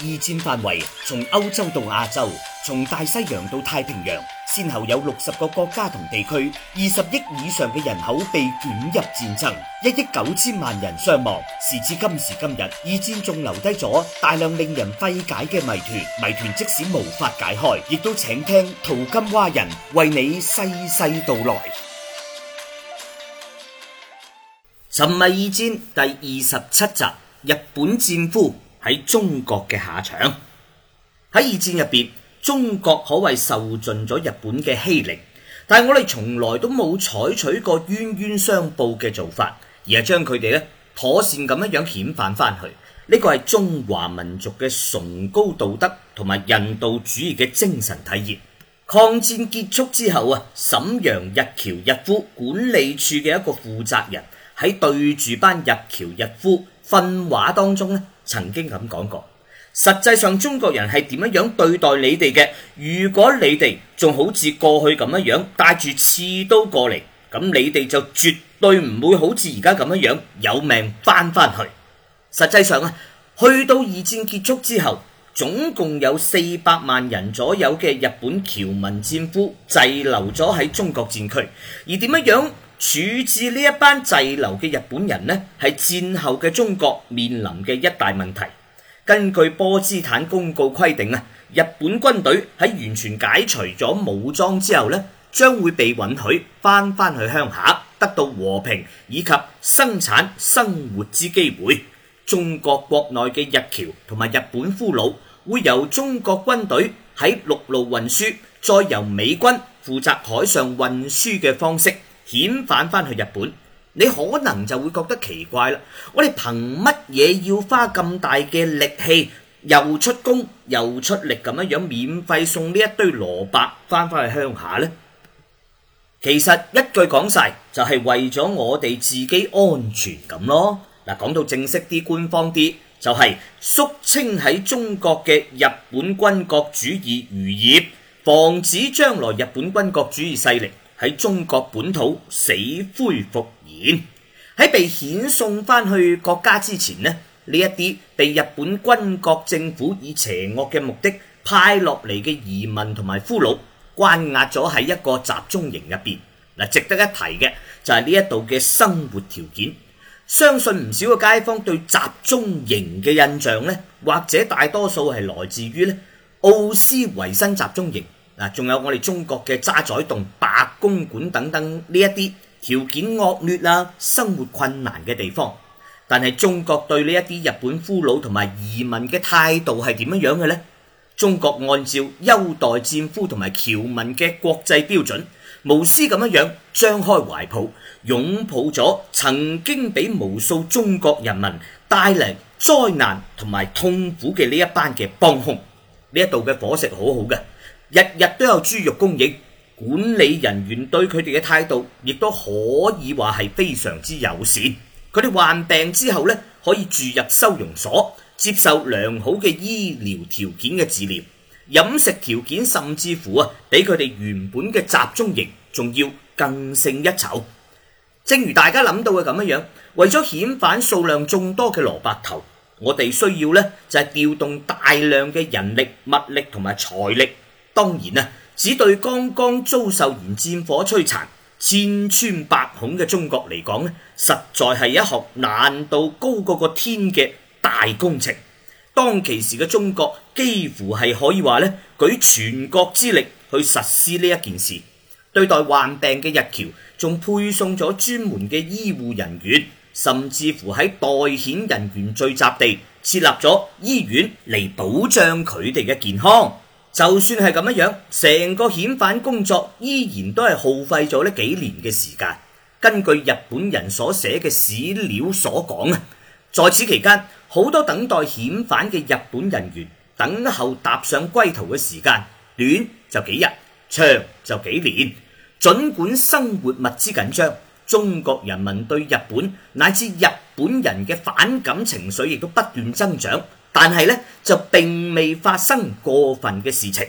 二戰範圍從歐洲到亞洲，從大西洋到太平洋，先後有六十個國家同地區，二十億以上嘅人口被捲入戰爭，一億九千萬人傷亡。時至今時今日，二戰仲留低咗大量令人費解嘅謎團，謎團即使無法解開，亦都請聽淘金蛙人為你細細道來。《尋迷二戰》第二十七集：日本戰俘。喺中國嘅下場，喺二戰入邊，中國可謂受盡咗日本嘅欺凌，但係我哋從來都冇採取過冤冤相報嘅做法，而係將佢哋咧妥善咁一樣遣返翻去。呢個係中華民族嘅崇高道德同埋人道主義嘅精神體現。抗戰結束之後啊，瀋陽日僑日俘管理處嘅一個負責人喺對住班日僑日俘訓話當中咧。曾經咁講過，實際上中國人係點樣樣對待你哋嘅？如果你哋仲好似過去咁樣樣帶住刺刀過嚟，咁你哋就絕對唔會好似而家咁樣樣有命返返去。實際上啊，去到二戰結束之後，總共有四百萬人左右嘅日本僑民戰俘滯留咗喺中國戰區，而點樣樣處置呢一班滯留嘅日本人呢，係戰後嘅中國面臨嘅一大問題。根據波茨坦公告規定啊，日本軍隊喺完全解除咗武裝之後呢，將會被允許翻返去鄉下，得到和平以及生產生活之機會。中國國內嘅日僑同埋日本俘虜會由中國軍隊喺陸路運輸，再由美軍負責海上運輸嘅方式。遣返返去日本，你可能就會覺得奇怪啦。我哋憑乜嘢要花咁大嘅力氣，又出工又出力咁樣免費送呢一堆蘿蔔返返去鄉下呢？其實一句講晒就係、是、為咗我哋自己安全咁咯。嗱，講到正式啲、官方啲，就係、是、肅清喺中國嘅日本軍國主義餘孽，防止將來日本軍國主義勢力，喺中國本土死灰復燃，喺被遣送翻去國家之前咧，呢一啲被日本軍國政府以邪惡嘅目的派落嚟嘅移民同埋俘虜，關押咗喺一個集中營入邊。嗱，值得一提嘅就係呢一度嘅生活條件，相信唔少嘅街坊對集中營嘅印象呢，或者大多數係來自於咧奧斯維辛集中營。仲有我哋中國嘅渣滓洞、白公館等等呢一啲條件惡劣啊、生活困難嘅地方，但係中國對呢一啲日本俘虜同埋移民嘅態度係點樣樣嘅呢？中國按照優待戰俘同埋僑民嘅國際標準，無私咁樣樣張開懷抱，擁抱咗曾經俾無數中國人民帶嚟災難同埋痛苦嘅呢一班嘅幫兇。呢一度嘅伙食好好嘅。日日都有豬肉供應，管理人員對佢哋嘅態度亦都可以話係非常之友善。佢哋患病之後呢，可以住入收容所，接受良好嘅醫療條件嘅治療，飲食條件甚至乎啊比佢哋原本嘅集中營仲要更勝一籌。正如大家諗到嘅咁樣，為咗遣返數量眾多嘅蘿蔔頭，我哋需要呢，就係調動大量嘅人力、物力同埋財力。當然啦，只對剛剛遭受完戰火摧殘、千瘡百孔嘅中國嚟講呢，實在係一項難度高過個天嘅大工程。當其時嘅中國幾乎係可以話呢，舉全國之力去實施呢一件事。對待患病嘅日僑，仲配送咗專門嘅醫護人員，甚至乎喺待遣人員聚集地設立咗醫院嚟保障佢哋嘅健康。就算係咁一樣，成個遣返工作依然都係耗費咗呢幾年嘅時間。根據日本人所寫嘅史料所講啊，在此期間，好多等待遣返嘅日本人員，等候踏上歸途嘅時間短就幾日，長就幾年。儘管生活物資緊張，中國人民對日本乃至日本人嘅反感情緒亦都不斷增長。但係咧，就並未發生過分嘅事情，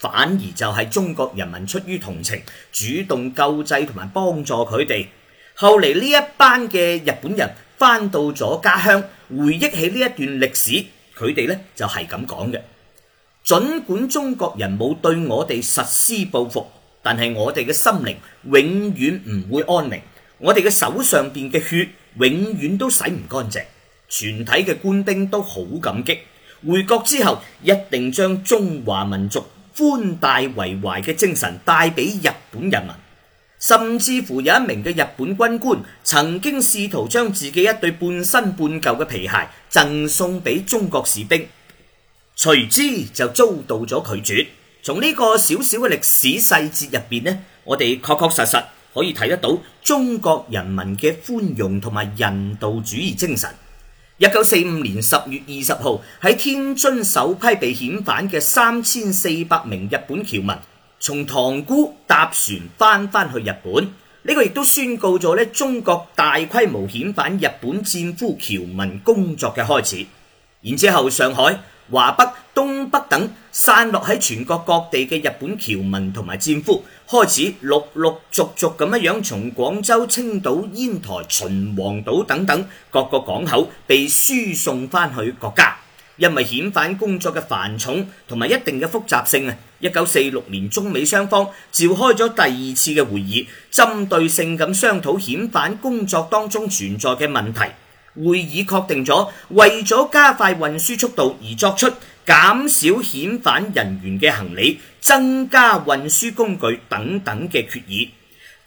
反而就係中國人民出於同情，主動救濟同埋幫助佢哋。後嚟呢一班嘅日本人翻到咗家鄉，回憶起呢一段歷史，佢哋咧就係咁講嘅。盡管中國人冇對我哋實施報復，但係我哋嘅心靈永遠唔會安寧，我哋嘅手上邊嘅血永遠都洗唔乾淨。全體嘅官兵都好感激，回國之後一定將中華民族寬大為懷嘅精神帶俾日本人民。甚至乎有一名嘅日本軍官曾經試圖將自己一對半新半舊嘅皮鞋贈送俾中國士兵，隨之就遭到咗拒絕。從呢個小小嘅歷史細節入邊呢，我哋確確實實可以睇得到中國人民嘅寬容同埋人道主義精神。一九四五年十月二十號，喺天津首批被遣返嘅三千四百名日本僑民，從塘沽搭船返翻去日本，呢、這個亦都宣告咗中國大規模遣返日本戰俘僑民工作嘅開始。然之後，上海、華北、東北等散落喺全國各地嘅日本僑民同埋戰俘，開始陸陸續續咁樣樣從廣州、青島、煙台、秦皇島等等各個港口被輸送翻去國家。因為遣返工作嘅繁重同埋一定嘅複雜性啊，一九四六年中美雙方召開咗第二次嘅會議，針對性咁商討遣返工作當中存在嘅問題。會議確定咗，為咗加快運輸速度而作出減少遣返人員嘅行李、增加運輸工具等等嘅決議。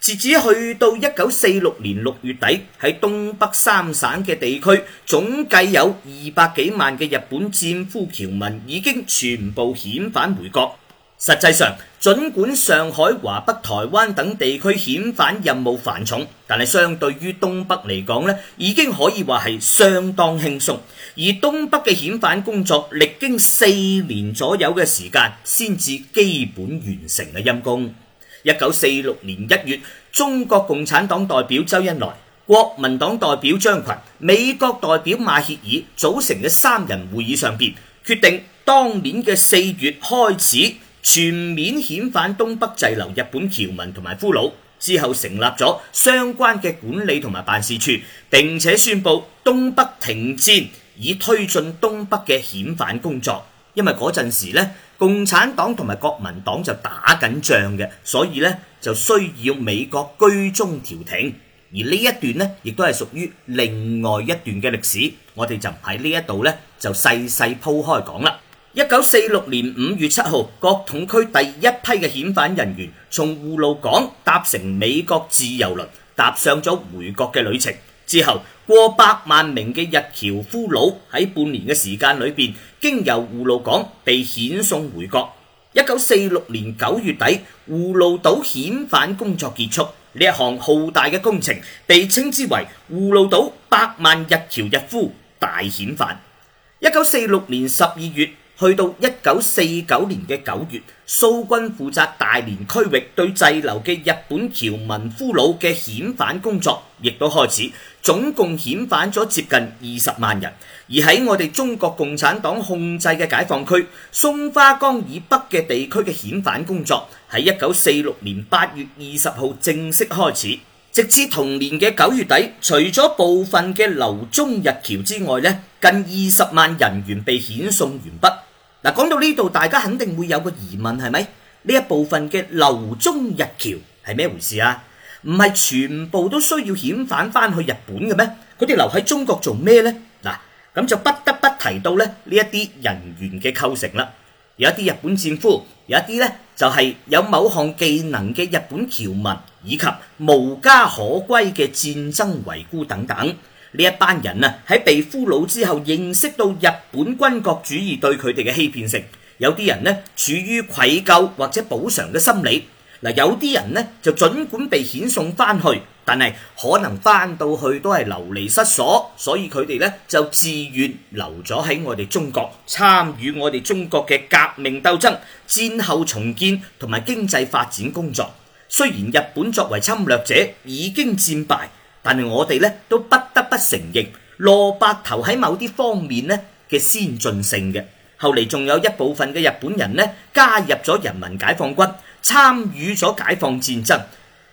截止去到一九四六年六月底，喺東北三省嘅地區總計有二百幾萬嘅日本戰俘僑民已經全部遣返回國。實際上，儘管上海、華北、台灣等地區遣返任務繁重，但係相對於東北嚟講呢，已經可以話係相當輕鬆。而東北嘅遣返工作歷經四年左右嘅時間，先至基本完成嘅陰功。一九四六年一月，中國共產黨代表周恩來、國民黨代表張群、美國代表馬歇爾組成嘅三人會議上面決定，當年嘅四月開始。全面遣返東北滯留日本僑民同埋俘虜之後，成立咗相關嘅管理同埋辦事處，並且宣布東北停戰，以推進東北嘅遣返工作。因為嗰陣時咧，共產黨同埋國民黨就打緊仗嘅，所以咧就需要美國居中調停。而呢一段咧，亦都係屬於另外一段嘅歷史，我哋就喺呢一度咧，就細細鋪開講啦。一九四六年五月七號，國統區第一批嘅遣返人員從葫蘆港搭乘美國自由輪踏上咗回國嘅旅程。之後過百萬名嘅日僑俘虜喺半年嘅時間裏邊，經由葫蘆港被遣送回國。一九四六年九月底，葫蘆島遣返工作結束，呢一項浩大嘅工程被稱之為葫蘆島百萬日僑日俘大遣返。一九四六年十二月。去到一九四九年嘅九月，蘇軍負責大連區域對滯留嘅日本僑民俘虜嘅遣返工作，亦都開始，總共遣返咗接近二十萬人。而喺我哋中國共產黨控制嘅解放區，松花江以北嘅地區嘅遣返工作，喺一九四六年八月二十號正式開始，直至同年嘅九月底，除咗部分嘅留中日僑之外，呢近二十萬人員被遣送完畢。嗱，講到呢度，大家肯定會有個疑問，係咪呢一部分嘅留中日僑係咩回事啊？唔係全部都需要遣返翻去日本嘅咩？佢哋留喺中國做咩呢？嗱，咁就不得不提到咧呢一啲人員嘅構成啦。有一啲日本戰俘，有一啲咧就係、是、有某項技能嘅日本僑民，以及無家可歸嘅戰爭遺孤等等。呢一班人啊，喺被俘虜之後，認識到日本軍國主義對佢哋嘅欺騙性，有啲人呢，處於愧疚或者補償嘅心理，嗱，有啲人呢，就儘管被遣送翻去，但係可能翻到去都係流離失所，所以佢哋呢，就自願留咗喺我哋中國，參與我哋中國嘅革命鬥爭、戰後重建同埋經濟發展工作。雖然日本作為侵略者已經戰敗。但係我哋咧都不得不承認，蘿蔔頭喺某啲方面咧嘅先進性嘅。後嚟仲有一部分嘅日本人咧加入咗人民解放軍，參與咗解放戰爭。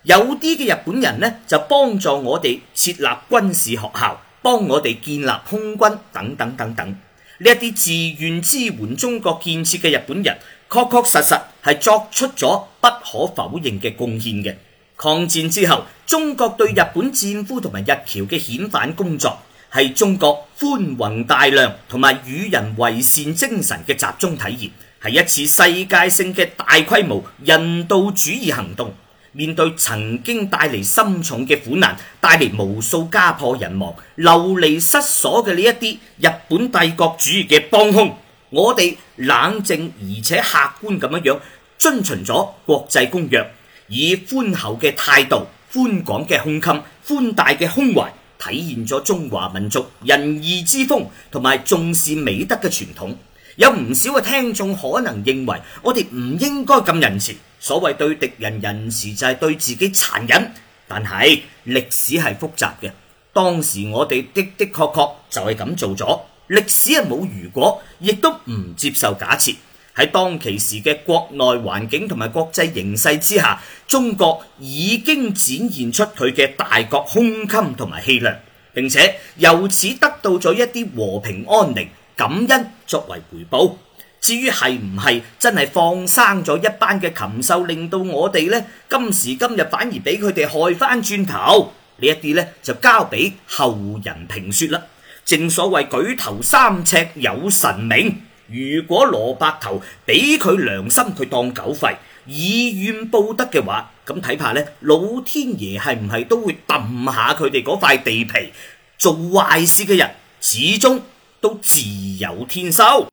有啲嘅日本人咧就幫助我哋設立軍事學校，幫我哋建立空軍等等等等。呢一啲自願支援中國建設嘅日本人，確確實實係作出咗不可否認嘅貢獻嘅。抗戰之後，中國對日本戰俘同埋日僑嘅遣返工作，係中國寬宏大量同埋與人為善精神嘅集中體現，係一次世界性嘅大規模人道主義行動。面對曾經帶嚟深重嘅苦難，帶嚟無數家破人亡、流離失所嘅呢一啲日本帝國主義嘅幫兇，我哋冷靜而且客觀咁樣樣，遵循咗國際公約。以寬厚嘅態度、寬廣嘅胸襟、寬大嘅胸懷，體現咗中華民族仁義之風同埋重視美德嘅傳統。有唔少嘅聽眾可能認為，我哋唔應該咁仁慈。所謂對敵人仁慈，就係對自己殘忍。但係歷史係複雜嘅，當時我哋的的確確就係咁做咗。歷史係冇如果，亦都唔接受假設。喺當其時嘅國內環境同埋國際形勢之下，中國已經展現出佢嘅大國胸襟同埋氣量，並且由此得到咗一啲和平安寧感恩作為回報。至於係唔係真係放生咗一班嘅禽獸，令到我哋呢今時今日反而俾佢哋害翻轉頭，呢一啲呢就交俾後人評說啦。正所謂舉頭三尺有神明。如果蘿蔔頭俾佢良心，佢當狗吠，以怨報德嘅話，咁睇怕咧，老天爺係唔係都會抌下佢哋嗰塊地皮？做壞事嘅人，始終都自有天收。